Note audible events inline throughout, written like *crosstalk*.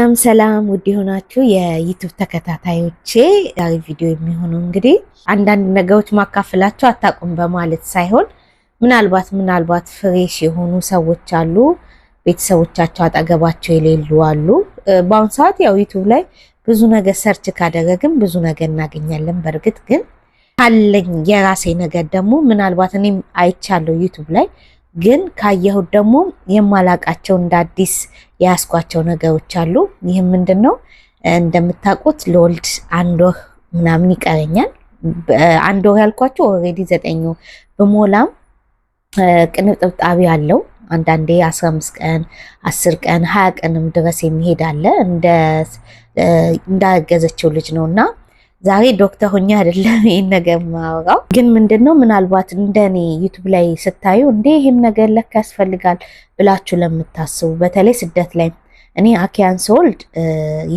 ሰላም ሰላም ውድ የሆናችሁ የዩቱብ ተከታታዮቼ ዛሬ ቪዲዮ የሚሆነው እንግዲህ አንዳንድ ነገሮች ማካፍላቸው አታውቁም በማለት ሳይሆን ምናልባት ምናልባት ፍሬሽ የሆኑ ሰዎች አሉ፣ ቤተሰቦቻቸው አጠገባቸው የሌሉ አሉ። በአሁኑ ሰዓት ያው ዩቱብ ላይ ብዙ ነገር ሰርች ካደረግን ብዙ ነገር እናገኛለን። በእርግጥ ግን ካለኝ የራሴ ነገር ደግሞ ምናልባት እኔም አይቻለሁ ዩቱብ ላይ ግን ካየሁት ደግሞ የማላቃቸው እንደ አዲስ የያዝኳቸው ነገሮች አሉ። ይህም ምንድን ነው? እንደምታውቁት ለወልድ አንድ ወር ምናምን ይቀረኛል። አንድ ወር ያልኳቸው ኦልሬዲ ዘጠኝ ወር ብሞላም ቅንጥብጣቢ አለው። አንዳንዴ አስራ አምስት ቀን አስር ቀን ሀያ ቀንም ድረስ የሚሄድ አለ። እንዳረገዘችው ልጅ ነው እና ዛሬ ዶክተር ሆኜ አይደለም ይህን ነገር ማወራው፣ ግን ምንድን ነው ምናልባት እንደኔ ዩቱብ ላይ ስታዩ እንዴ ይህም ነገር ለካ ያስፈልጋል ብላችሁ ለምታስቡ በተለይ ስደት ላይ እኔ አኪያን ሶልድ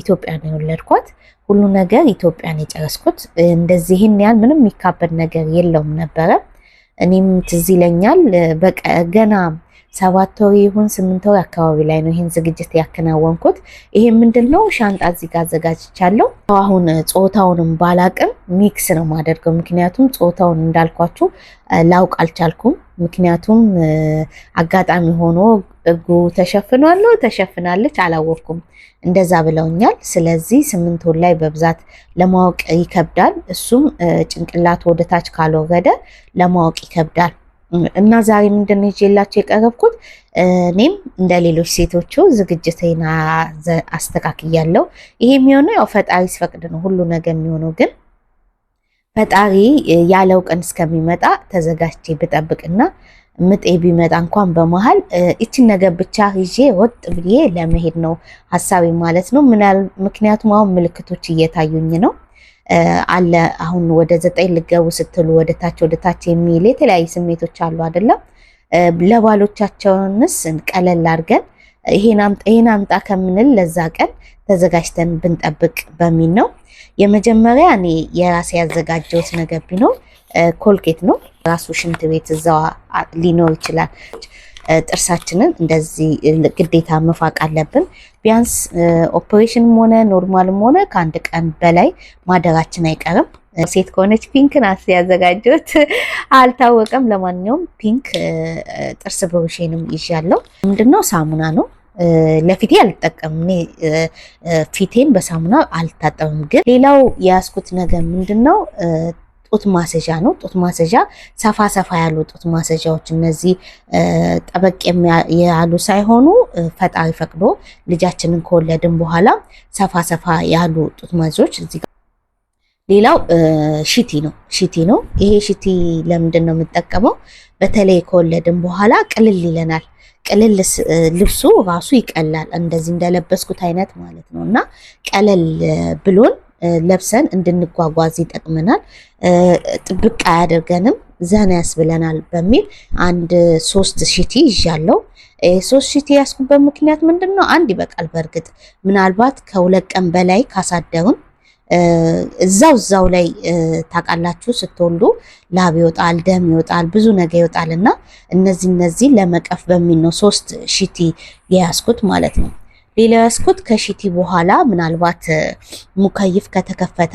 ኢትዮጵያ ነው የወለድኳት ሁሉ ነገር ኢትዮጵያን የጨረስኩት እንደዚህ ይህን ያህል ምንም የሚካበድ ነገር የለውም ነበረ። እኔም ትዝ ይለኛል ገና ሰባት ወር ይሁን ስምንት ወር አካባቢ ላይ ነው ይህን ዝግጅት ያከናወንኩት። ይሄ ምንድን ነው? ሻንጣ እዚህ ጋር አዘጋጅቻለሁ። አሁን ጾታውንም ባላቅም ሚክስ ነው ማደርገው። ምክንያቱም ጾታውን እንዳልኳችሁ ላውቅ አልቻልኩም። ምክንያቱም አጋጣሚ ሆኖ እጉ ተሸፍኗል፣ ተሸፍናለች አላወቅኩም፣ እንደዛ ብለውኛል። ስለዚህ ስምንት ወር ላይ በብዛት ለማወቅ ይከብዳል። እሱም ጭንቅላት ወደታች ካልወረደ ለማወቅ ይከብዳል። እና ዛሬ ምንድን ነው የቀረብኩት እኔም እንደ ሌሎች ሴቶቹ ዝግጅቴን አስተካክያለሁ። ይሄ የሚሆነው ያው ፈጣሪ ሲፈቅድ ነው ሁሉ ነገር የሚሆነው። ግን ፈጣሪ ያለው ቀን እስከሚመጣ ተዘጋጅቼ ብጠብቅና ምጤ ቢመጣ እንኳን በመሀል ይችን ነገር ብቻ ይዤ ወጥ ብዬ ለመሄድ ነው ሀሳቤ ማለት ነው። ምክንያቱም አሁን ምልክቶች እየታዩኝ ነው አለ። አሁን ወደ ዘጠኝ ልገቡ ስትሉ ወደታች ወደታች የሚል የተለያዩ ስሜቶች አሉ አይደለም? ለባሎቻቸውንስ ቀለል አድርገን ይሄን አምጣ ከምንል ለዛ ቀን ተዘጋጅተን ብንጠብቅ በሚል ነው። የመጀመሪያ እኔ የራሴ ያዘጋጀሁት ነገር ቢኖር ኮልጌት ነው። ራሱ ሽንት ቤት እዛዋ ሊኖር ይችላል። ጥርሳችንን እንደዚህ ግዴታ መፋቅ አለብን። ቢያንስ ኦፕሬሽንም ሆነ ኖርማልም ሆነ ከአንድ ቀን በላይ ማደራችን አይቀርም። ሴት ከሆነች ፒንክ ናት ያዘጋጀት *laughs* አልታወቀም። ለማንኛውም ፒንክ ጥርስ ብሩሽንም ይዣለሁ። ምንድነው ሳሙና ነው ለፊቴ አልጠቀምም። እኔ ፊቴን በሳሙና አልታጠብም። ግን ሌላው የያዝኩት ነገር ምንድን ነው ጡት ማሰዣ ነው። ጡት ማሰዣ ሰፋ ሰፋ ያሉ ጡት ማሰዣዎች እነዚህ ጠበቅ ያሉ ሳይሆኑ ፈጣሪ ፈቅዶ ልጃችንን ከወለድን በኋላ ሰፋ ሰፋ ያሉ ጡት ማሰዦች እዚህ ጋር። ሌላው ሽቲ ነው። ሽቲ ነው። ይሄ ሽቲ ለምንድን ነው የምጠቀመው? በተለይ ከወለድን በኋላ ቅልል ይለናል። ቅልል ልብሱ ራሱ ይቀላል። እንደዚህ እንደለበስኩት አይነት ማለት ነው እና ቀለል ብሎን ለብሰን እንድንጓጓዝ ይጠቅመናል። ጥብቅ አያደርገንም፣ ዘና ያስብለናል በሚል አንድ ሶስት ሺቲ ይዣለው። ሶስት ሺቲ ያስኩበት ምክንያት ምንድን ነው? አንድ ይበቃል። በእርግጥ ምናልባት ከሁለት ቀን በላይ ካሳደውን እዛው እዛው ላይ ታውቃላችሁ፣ ስትወልዱ ላብ ይወጣል፣ ደም ይወጣል፣ ብዙ ነገር ይወጣል እና እነዚህ እነዚህ ለመቀፍ በሚል ነው ሶስት ሺቲ የያዝኩት ማለት ነው። ሌላ ያስኩት ከሺቲ በኋላ ምናልባት ሙከይፍ ከተከፈተ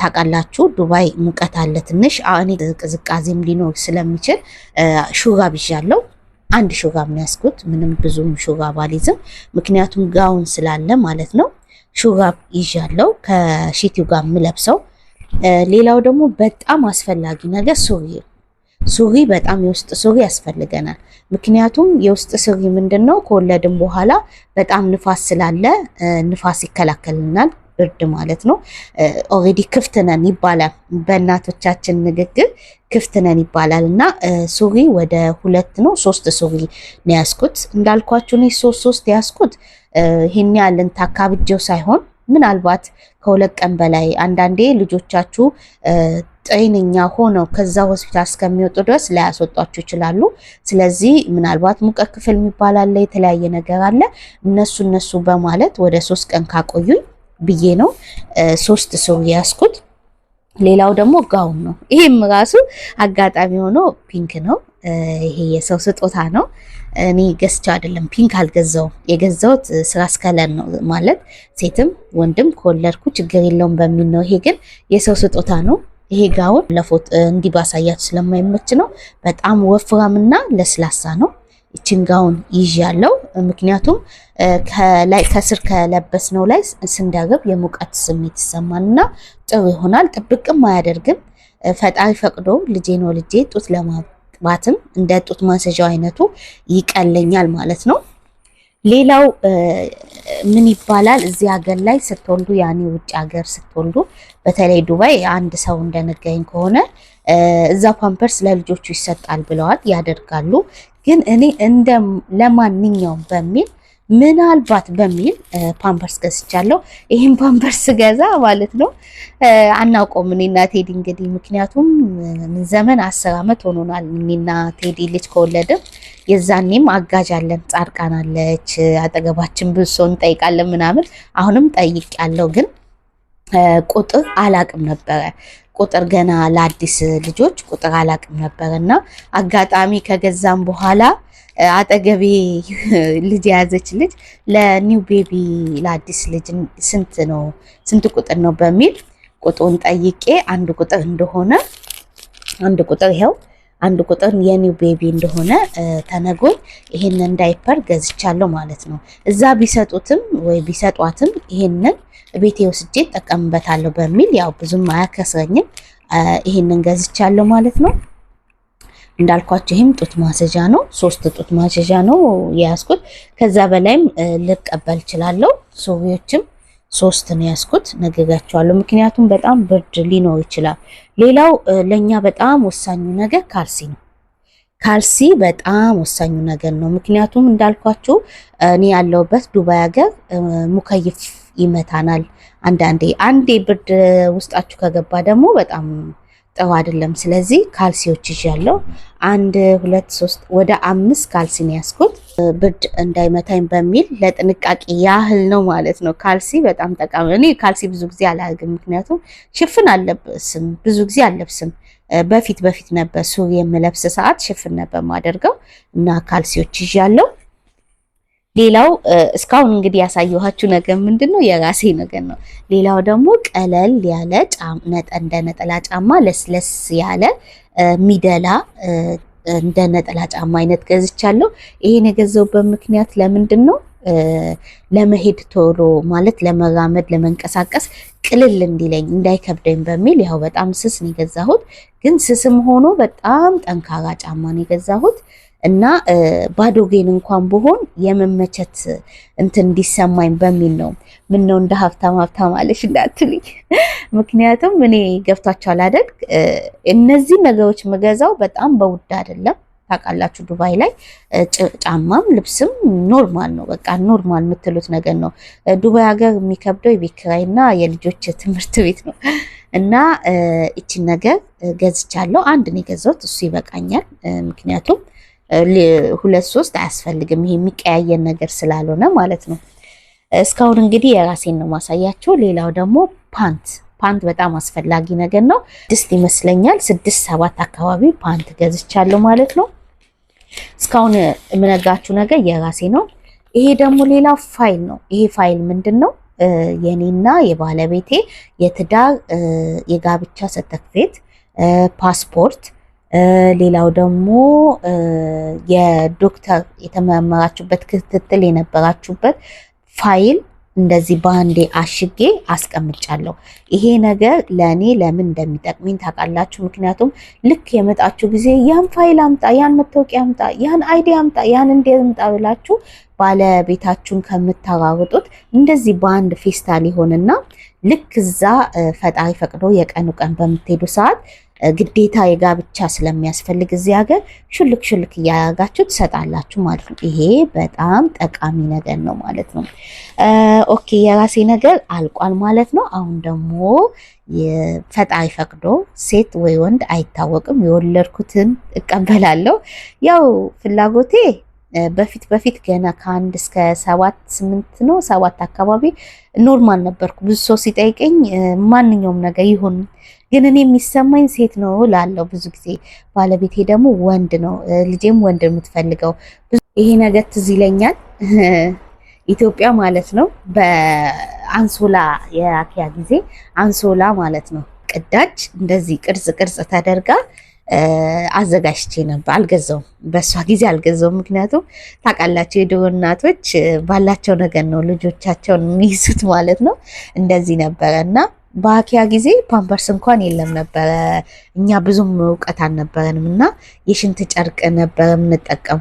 ታውቃላችሁ፣ ዱባይ ሙቀት አለ ትንሽ እኔ ቅዝቃዜም ሊኖር ስለሚችል ሹጋ ብዣለሁ። አንድ ሹጋ ነው ያስኩት። ምንም ብዙም ሹጋ ባሊዝም ምክንያቱም ጋውን ስላለ ማለት ነው። ሹጋ ይዣለው ከሺቲው ጋር የምለብሰው። ሌላው ደግሞ በጣም አስፈላጊ ነገር ሱሪ ሱሪ በጣም የውስጥ ሱሪ ያስፈልገናል። ምክንያቱም የውስጥ ሱሪ ምንድን ነው? ከወለድን በኋላ በጣም ንፋስ ስላለ ንፋስ ይከላከልናል፣ ብርድ ማለት ነው። ኦልሬዲ ክፍት ነን ይባላል፣ በእናቶቻችን ንግግር ክፍት ነን ይባላል። እና ሱሪ ወደ ሁለት ነው ሶስት ሱሪ ነው ያስኩት። እንዳልኳችሁ እኔ ሶስት ሶስት ያስኩት ይህን ያለን ታካብጀው ሳይሆን ምናልባት ከሁለት ቀን በላይ አንዳንዴ ልጆቻችሁ ጤነኛ ሆነው ከዛ ሆስፒታል እስከሚወጡ ድረስ ላያስወጧቸው ይችላሉ። ስለዚህ ምናልባት ሙቀት ክፍል የሚባል አለ፣ የተለያየ ነገር አለ። እነሱ እነሱ በማለት ወደ ሶስት ቀን ካቆዩኝ ብዬ ነው ሶስት ሰው ያስኩት። ሌላው ደግሞ ጋውን ነው። ይህም ራሱ አጋጣሚ ሆኖ ፒንክ ነው። ይሄ የሰው ስጦታ ነው። እኔ ገዝቼው አይደለም፣ ፒንክ አልገዛውም። የገዛውት ስራ እስከለን ነው ማለት ሴትም ወንድም ከወለድኩ ችግር የለውም በሚል ነው። ይሄ ግን የሰው ስጦታ ነው። ይሄ ጋውን ለፎት እንዲህ ስለማይመች ነው። በጣም ወፍራምና ለስላሳ ነው። ይችን ጋውን ይዥ ያለው ምክንያቱም ከላይ ከስር ነው ላይ ስንደርብ የሙቀት ስሜት ይሰማንና ጥሩ ይሆናል። ጥብቅም አያደርግም። ፈጣሪ ፈቅዶ ልጄ ነው ልጄ ጡት ለማጥባትም እንደ ጡት ማንሰዣው አይነቱ ይቀለኛል ማለት ነው። ሌላው ምን ይባላል እዚህ ሀገር ላይ ስትወልዱ ያኔ ውጭ ሀገር ስትወልዱ በተለይ ዱባይ አንድ ሰው እንደነገኝ ከሆነ እዛ ፓምፐርስ ለልጆቹ ይሰጣል ብለዋል ያደርጋሉ። ግን እኔ እንደ ለማንኛውም በሚል ምናልባት በሚል ፓምፐርስ ገዝቻለሁ። ይህም ፓምፐርስ ገዛ ማለት ነው አናውቀውም እኔና ቴዲ እንግዲህ፣ ምክንያቱም ምን ዘመን አስር አመት ሆኖናል እኔና ቴዲ ልጅ ከወለድም የዛኔም አጋዥ አለን፣ ጻድቃን አለች አጠገባችን፣ ብዙ ሰው እንጠይቃለን ምናምን። አሁንም ጠይቅ ያለው ግን ቁጥር አላቅም ነበረ ቁጥር ገና ለአዲስ ልጆች ቁጥር አላቅም ነበረ እና አጋጣሚ ከገዛም በኋላ አጠገቤ *laughs* ልጅ የያዘች ልጅ ለኒው ቤቢ ለአዲስ ልጅ ስንት ነው ስንት ቁጥር ነው በሚል ቁጥሩን ጠይቄ አንድ ቁጥር እንደሆነ አንድ ቁጥር ይኸው አንድ ቁጥር የኒው ቤቢ እንደሆነ ተነጎኝ ይሄንን ዳይፐር ገዝቻለሁ ማለት ነው። እዛ ቢሰጡትም ወይ ቢሰጧትም ይሄንን ቤቴ ወስጄ እጠቀምበታለሁ በሚል ያው ብዙም አያከስረኝም ይሄንን ገዝቻለሁ ማለት ነው። እንዳልኳቸው ይህም ጡት ማስያዣ ነው። ሶስት ጡት ማስያዣ ነው የያዝኩት። ከዛ በላይም ልቀበል እችላለሁ። ሶቪዎችም ሶስት ነው ያዝኩት። ነግጋቸዋለሁ፣ ምክንያቱም በጣም ብርድ ሊኖር ይችላል። ሌላው ለእኛ በጣም ወሳኙ ነገር ካልሲ ነው። ካልሲ በጣም ወሳኙ ነገር ነው። ምክንያቱም እንዳልኳችሁ እኔ ያለሁበት ዱባይ ሀገር ሙከይፍ ይመታናል አንዳንዴ። አንዴ ብርድ ውስጣችሁ ከገባ ደግሞ በጣም ጥሩ አይደለም። ስለዚህ ካልሲዎች ይዣለሁ። አንድ ሁለት ሶስት ወደ አምስት ካልሲ ነው ያስኩት ብርድ እንዳይመታኝ በሚል ለጥንቃቄ ያህል ነው ማለት ነው። ካልሲ በጣም ጠቃሚ። እኔ ካልሲ ብዙ ጊዜ አላደርግም፣ ምክንያቱም ሽፍን አለብስም ብዙ ጊዜ አለብስም። በፊት በፊት ነበር ሱሪ የምለብስ ሰዓት ሽፍን ነበር ማደርገው እና ካልሲዎች ይዣለሁ። ሌላው እስካሁን እንግዲህ ያሳየኋችሁ ነገር ምንድን ነው የራሴ ነገር ነው። ሌላው ደግሞ ቀለል ያለ እንደ ነጠላ ጫማ ለስለስ ያለ ሚደላ እንደ ነጠላ ጫማ አይነት ገዝቻለሁ። ይሄን የገዛሁበት ምክንያት ለምንድን ነው? ለመሄድ ቶሎ ማለት ለመራመድ ለመንቀሳቀስ ቅልል እንዲለኝ እንዳይከብደኝ በሚል ያው በጣም ስስ ነው የገዛሁት። ግን ስስም ሆኖ በጣም ጠንካራ ጫማ ነው የገዛሁት። እና ባዶ እንኳን ብሆን የመመቸት እንትን እንዲሰማኝ በሚል ነው። ምን ነው እንደ ሀብታም ሀብታም አለሽ እንዳትልኝ። ምክንያቱም እኔ ገብቷቸዋል አላደግ እነዚህ ነገሮች የምገዛው በጣም በውድ አይደለም። ታውቃላችሁ ዱባይ ላይ ጫማም ልብስም ኖርማል ነው። በቃ ኖርማል የምትሉት ነገር ነው። ዱባይ ሀገር የሚከብደው የቤት ኪራይና የልጆች ትምህርት ቤት ነው። እና እቺን ነገር ገዝቻለሁ። አንድ ነው የገዛሁት፣ እሱ ይበቃኛል። ምክንያቱም ሁለት ሶስት አያስፈልግም። ይሄ የሚቀያየር ነገር ስላልሆነ ማለት ነው። እስካሁን እንግዲህ የራሴን ነው ማሳያቸው። ሌላው ደግሞ ፓንት ፓንት በጣም አስፈላጊ ነገር ነው። ስድስት ይመስለኛል ስድስት ሰባት አካባቢ ፓንት ገዝቻለሁ ማለት ነው። እስካሁን የምነጋችሁ ነገር የራሴ ነው። ይሄ ደግሞ ሌላ ፋይል ነው። ይሄ ፋይል ምንድን ነው? የኔና የባለቤቴ የትዳር የጋብቻ ሰርተፍኬት፣ ፓስፖርት ሌላው ደግሞ የዶክተር የተመመራችሁበት ክትትል የነበራችሁበት ፋይል እንደዚህ በአንዴ አሽጌ አስቀምጫለሁ። ይሄ ነገር ለእኔ ለምን እንደሚጠቅመኝ ታውቃላችሁ? ምክንያቱም ልክ የመጣችሁ ጊዜ ያን ፋይል አምጣ፣ ያን መታወቂያ አምጣ፣ ያን አይዲ አምጣ፣ ያን እንዴ አምጣ ብላችሁ ባለቤታችሁን ከምታራርጡት እንደዚህ በአንድ ፌስታል ይሆንና ልክ እዛ ፈጣሪ ፈቅዶ የቀኑ ቀን በምትሄዱ ሰዓት ግዴታ የጋብቻ ስለሚያስፈልግ እዚህ ሀገር ሹልክ ሹልክ እያያጋችሁ ትሰጣላችሁ ማለት ነው። ይሄ በጣም ጠቃሚ ነገር ነው ማለት ነው። ኦኬ የራሴ ነገር አልቋል ማለት ነው። አሁን ደግሞ ፈጣሪ ፈቅዶ ሴት ወይ ወንድ አይታወቅም፣ የወለድኩትን እቀበላለሁ። ያው ፍላጎቴ በፊት በፊት ገና ከአንድ እስከ ሰባት ስምንት ነው ሰባት አካባቢ ኖርማል ነበርኩ። ብዙ ሰው ሲጠይቀኝ ማንኛውም ነገር ይሁን ግን እኔ የሚሰማኝ ሴት ነው ላለው ብዙ ጊዜ ባለቤቴ ደግሞ ወንድ ነው፣ ልጄም ወንድ የምትፈልገው ይሄ ነገር ትዝ ይለኛል። *laughs* ኢትዮጵያ ማለት ነው በአንሶላ የአኪያ ጊዜ አንሶላ ማለት ነው ቅዳጅ እንደዚህ ቅርጽ ቅርጽ ተደርጋ አዘጋጅቼ ነበር። አልገዛውም፣ በእሷ ጊዜ አልገዛውም። ምክንያቱም ታውቃላቸው የድሮ እናቶች ባላቸው ነገር ነው ልጆቻቸውን የሚይዙት ማለት ነው። እንደዚህ ነበረ እና በአኪያ ጊዜ ፓምፐርስ እንኳን የለም ነበረ። እኛ ብዙም እውቀት አልነበረንም እና የሽንት ጨርቅ ነበረ የምንጠቀም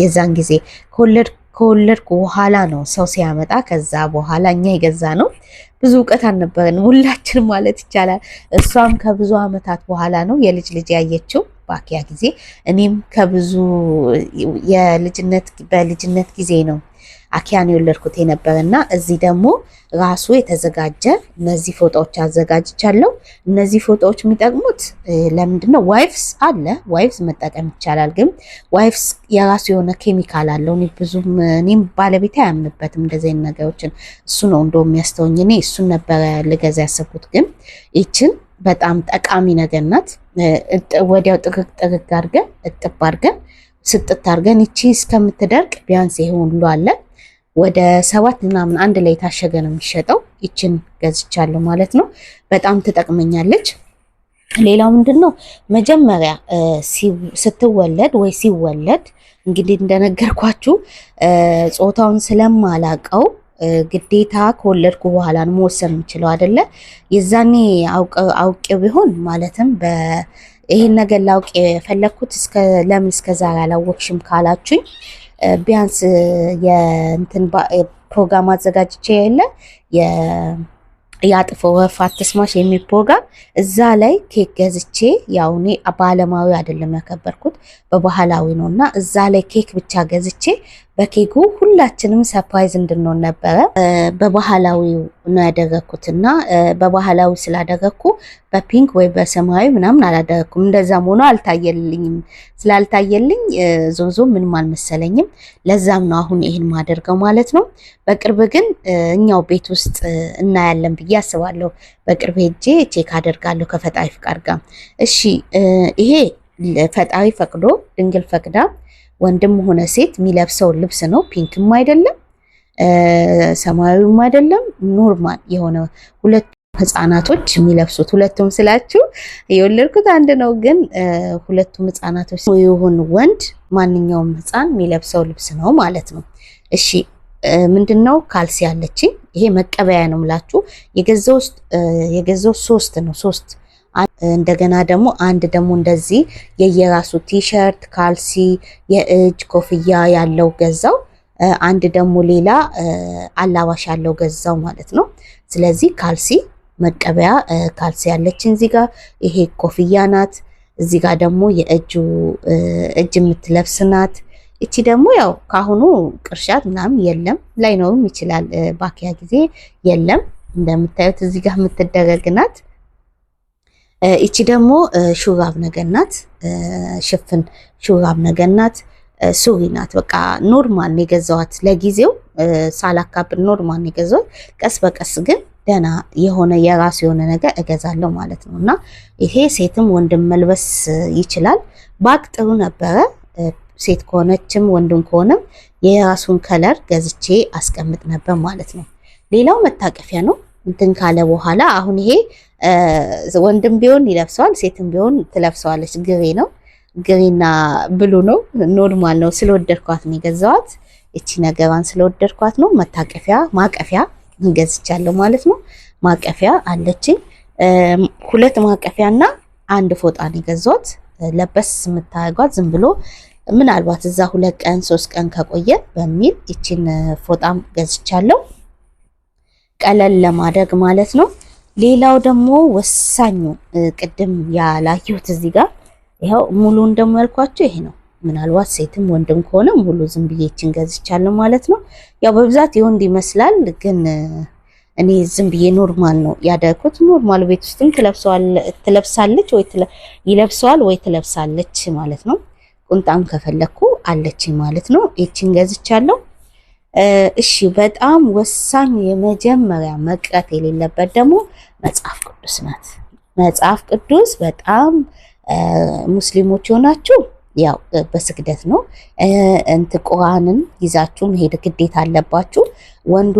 የዛን ጊዜ ከወለድኩ በኋላ ነው ሰው ሲያመጣ። ከዛ በኋላ እኛ የገዛ ነው። ብዙ እውቀት አልነበረንም ሁላችን ማለት ይቻላል። እሷም ከብዙ አመታት በኋላ ነው የልጅ ልጅ ያየችው በአኪያ ጊዜ። እኔም ከብዙ የልጅነት በልጅነት ጊዜ ነው አኪያን የወለድኩት የነበረ እና እዚህ ደግሞ ራሱ የተዘጋጀ እነዚህ ፎጣዎች አዘጋጅቻለሁ። እነዚህ ፎጣዎች የሚጠቅሙት ለምንድነው? ዋይፍስ አለ፣ ዋይፍስ መጠቀም ይቻላል። ግን ዋይፍስ የራሱ የሆነ ኬሚካል አለው። ብዙም እኔም ባለቤት አያምንበትም እንደዚህ ነገሮችን። እሱ ነው እንደ የሚያስተውኝ። እኔ እሱን ነበረ ልገዛ ያሰብኩት፣ ግን ይችን በጣም ጠቃሚ ነገር ናት። ወዲያው ጥርግ ጥርግ አድርገን እጥብ አድርገን ስጥት አድርገን ይቺ እስከምትደርቅ ቢያንስ ይሄ ሁሉ አለን ወደ ሰባት ምናምን አንድ ላይ የታሸገ ነው የሚሸጠው። ይችን ገዝቻለሁ ማለት ነው። በጣም ትጠቅመኛለች። ሌላው ምንድን ነው መጀመሪያ ስትወለድ ወይ ሲወለድ እንግዲህ እንደነገርኳችሁ ጾታውን ስለማላቀው ግዴታ ከወለድኩ በኋላ ነው መወሰን የምችለው አይደለ? የዛኔ አውቄው ቢሆን ማለትም ይህን ነገር ላውቅ የፈለግኩት ለምን እስከዛሬ አላወቅሽም ካላችሁኝ ቢያንስ የእንትን ፕሮግራም አዘጋጅቼ የለ የአጥፎ ወፍ አትስማሽ የሚል ፕሮግራም እዛ ላይ ኬክ ገዝቼ ያው እኔ በዓለማዊ አይደለም ያከበርኩት በባህላዊ ነው እና እዛ ላይ ኬክ ብቻ ገዝቼ በኬኩ ሁላችንም ሰፕራይዝ እንድንሆን ነበረ። በባህላዊው ነው ያደረግኩት እና በባህላዊ ስላደረግኩ በፒንክ ወይ በሰማያዊ ምናምን አላደረግኩም። እንደዛም ሆኖ አልታየልኝም። ስላልታየልኝ ዞዞ ምንም አልመሰለኝም። ለዛም ነው አሁን ይሄን ማደርገው ማለት ነው። በቅርብ ግን እኛው ቤት ውስጥ እናያለን ብዬ አስባለሁ። በቅርብ ሄጄ ቼክ አደርጋለሁ ከፈጣሪ ፍቃድ ጋር። እሺ ይሄ ፈጣሪ ፈቅዶ ድንግል ፈቅዳ ወንድም ሆነ ሴት የሚለብሰው ልብስ ነው። ፒንክም አይደለም ሰማያዊም አይደለም ኖርማል የሆነ ሁለቱም ህፃናቶች የሚለብሱት ሁለቱም ስላችሁ የወለድኩት አንድ ነው፣ ግን ሁለቱም ህፃናቶች ይሁን ወንድ ማንኛውም ህፃን የሚለብሰው ልብስ ነው ማለት ነው። እሺ ምንድን ነው ካልሲ ያለችኝ ይሄ መቀበያ ነው ምላችሁ የገዛው ሶስት ነው ሶስት እንደገና ደግሞ አንድ ደግሞ እንደዚህ የየራሱ ቲሸርት፣ ካልሲ፣ የእጅ ኮፍያ ያለው ገዛው። አንድ ደግሞ ሌላ አላባሽ ያለው ገዛው ማለት ነው። ስለዚህ ካልሲ መቀበያ ካልሲ ያለችን እዚህ ጋር ይሄ ኮፍያ ናት። እዚህ ጋር ደግሞ የእጁ እጅ የምትለብስ ናት። እቺ ደግሞ ያው ከአሁኑ ቅርሻት ምናምን የለም ላይኖርም ይችላል። ባኪያ ጊዜ የለም። እንደምታዩት እዚህ ጋር የምትደረግ ናት። ይቺ ደግሞ ሹራብ ነገናት፣ ሽፍን ሹራብ ነገናት፣ ሱሪ ናት። በቃ ኖርማል ነው የገዛዋት ለጊዜው ሳላካብን ኖርማል ነው የገዛዋት። ቀስ በቀስ ግን ደህና የሆነ የራሱ የሆነ ነገር እገዛለሁ ማለት ነው። እና ይሄ ሴትም ወንድም መልበስ ይችላል። ባቅ ጥሩ ነበረ። ሴት ከሆነችም ወንድም ከሆነም የራሱን ከለር ገዝቼ አስቀምጥ ነበር ማለት ነው። ሌላው መታቀፊያ ነው። እንትን ካለ በኋላ አሁን ይሄ ወንድም ቢሆን ይለብሰዋል፣ ሴትም ቢሆን ትለብሰዋለች። ግሬ ነው ግሬና ብሉ ነው። ኖርማል ነው። ስለወደድኳት ነው የገዛዋት። እቺ ነገሯን ስለወደድኳት ነው። መታቀፊያ ማቀፊያ ገዝቻለሁ ማለት ነው። ማቀፊያ አለችኝ። ሁለት ማቀፊያ እና አንድ ፎጣ ነው የገዛሁት። ለበስ የምታደርጓት ዝም ብሎ ምናልባት እዛ ሁለት ቀን ሶስት ቀን ከቆየ በሚል ይችን ፎጣም ገዝቻለሁ ቀለል ለማድረግ ማለት ነው። ሌላው ደግሞ ወሳኙ ቅድም ያላየሁት እዚህ ጋር ይኸው ሙሉን ደግሞ ያልኳቸው ይሄ ነው። ምናልባት ሴትም ወንድም ከሆነ ሙሉ ዝም ብዬችን ገዝቻለሁ ማለት ነው። ያው በብዛት የወንድ ይመስላል፣ ግን እኔ ዝም ብዬ ኖርማል ነው ያደረኩት። ኖርማል ቤት ውስጥም ትለብሳለች ወይ ይለብሰዋል ወይ ትለብሳለች ማለት ነው። ቁንጣም ከፈለግኩ አለችኝ ማለት ነው። ይችን ገዝቻለሁ። እሺ በጣም ወሳኝ የመጀመሪያ መቅረት የሌለበት ደግሞ መጽሐፍ ቅዱስ ናት። መጽሐፍ ቅዱስ በጣም ሙስሊሞች የሆናችሁ ያው በስግደት ነው እንት ቁርአንን ይዛችሁ መሄድ ግዴታ አለባችሁ። ወንዱ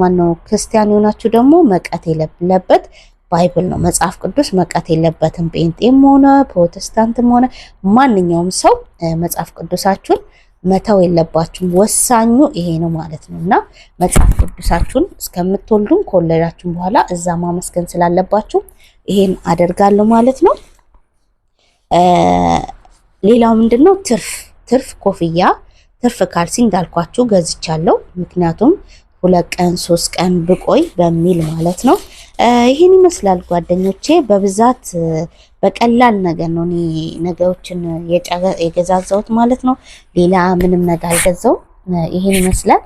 ማነው ክርስቲያን የሆናችሁ ደግሞ መቀት የለበት ባይብል ነው መጽሐፍ ቅዱስ መቀት የለበትም። ጴንጤም ሆነ ፕሮቴስታንትም ሆነ ማንኛውም ሰው መጽሐፍ ቅዱሳችሁን መተው የለባችሁም። ወሳኙ ይሄ ነው ማለት ነው እና መጽሐፍ ቅዱሳችሁን እስከምትወልዱም ከወለዳችሁም በኋላ እዛ ማመስገን ስላለባችሁ ይሄን አደርጋለሁ ማለት ነው። ሌላው ምንድን ነው? ትርፍ ትርፍ ኮፍያ፣ ትርፍ ካልሲ እንዳልኳችሁ ገዝቻለሁ። ምክንያቱም ሁለት ቀን ሶስት ቀን ብቆይ በሚል ማለት ነው። ይህን ይመስላል ጓደኞቼ በብዛት በቀላል ነገር ነው እኔ ነገሮችን የገዛዛሁት ማለት ነው። ሌላ ምንም ነገር አልገዛው። ይሄን ይመስላል።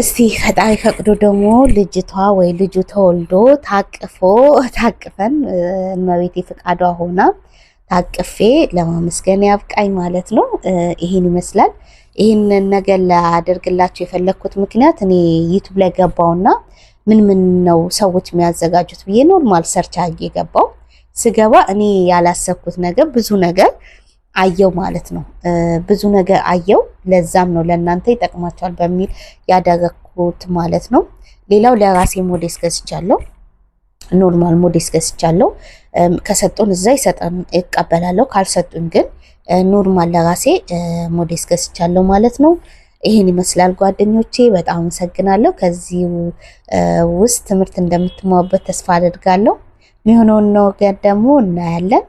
እስቲ ፈጣሪ ፈቅዶ ደግሞ ልጅቷ ወይ ልጁ ተወልዶ ታቅፎ *laughs* ታቅፈን እመቤቴ ፍቃዷ ሆና ታቅፌ ለማመስገን ያብቃኝ ማለት ነው። ይሄን ይመስላል። ይህንን ነገር ላደርግላቸው የፈለግኩት ምክንያት እኔ ዩቱብ ላይ ገባውና ምን ምን ነው ሰዎች የሚያዘጋጁት ብዬ ኖርማል ሰርቻ የገባው? ገባው ስገባ እኔ ያላሰብኩት ነገር ብዙ ነገር አየው ማለት ነው። ብዙ ነገር አየው። ለዛም ነው ለእናንተ ይጠቅማቸዋል በሚል ያደረግኩት ማለት ነው። ሌላው ለራሴ ሞዴስ ገዝቻለሁ። ኖርማል ሞዴስ ገዝቻለሁ። ከሰጡን እዛ ይሰጠን ይቀበላለሁ። ካልሰጡን ግን ኖርማል ለራሴ ሞዴስ ገዝቻለሁ ማለት ነው። ይህን ይመስላል ጓደኞቼ። በጣም አመሰግናለሁ። ከዚህ ውስጥ ትምህርት እንደምትማሩበት ተስፋ አድርጋለሁ። የሚሆነውን ነገር ደግሞ እናያለን።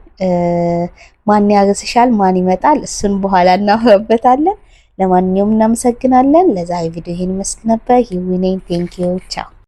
ማን ያገስሻል፣ ማን ይመጣል፣ እሱን በኋላ እናወራበታለን። ለማንኛውም እናመሰግናለን። ለዛ ቪዲዮ ይሄን ይመስል ነበር። ሂዊኔን ቴንኪዩ ቻው።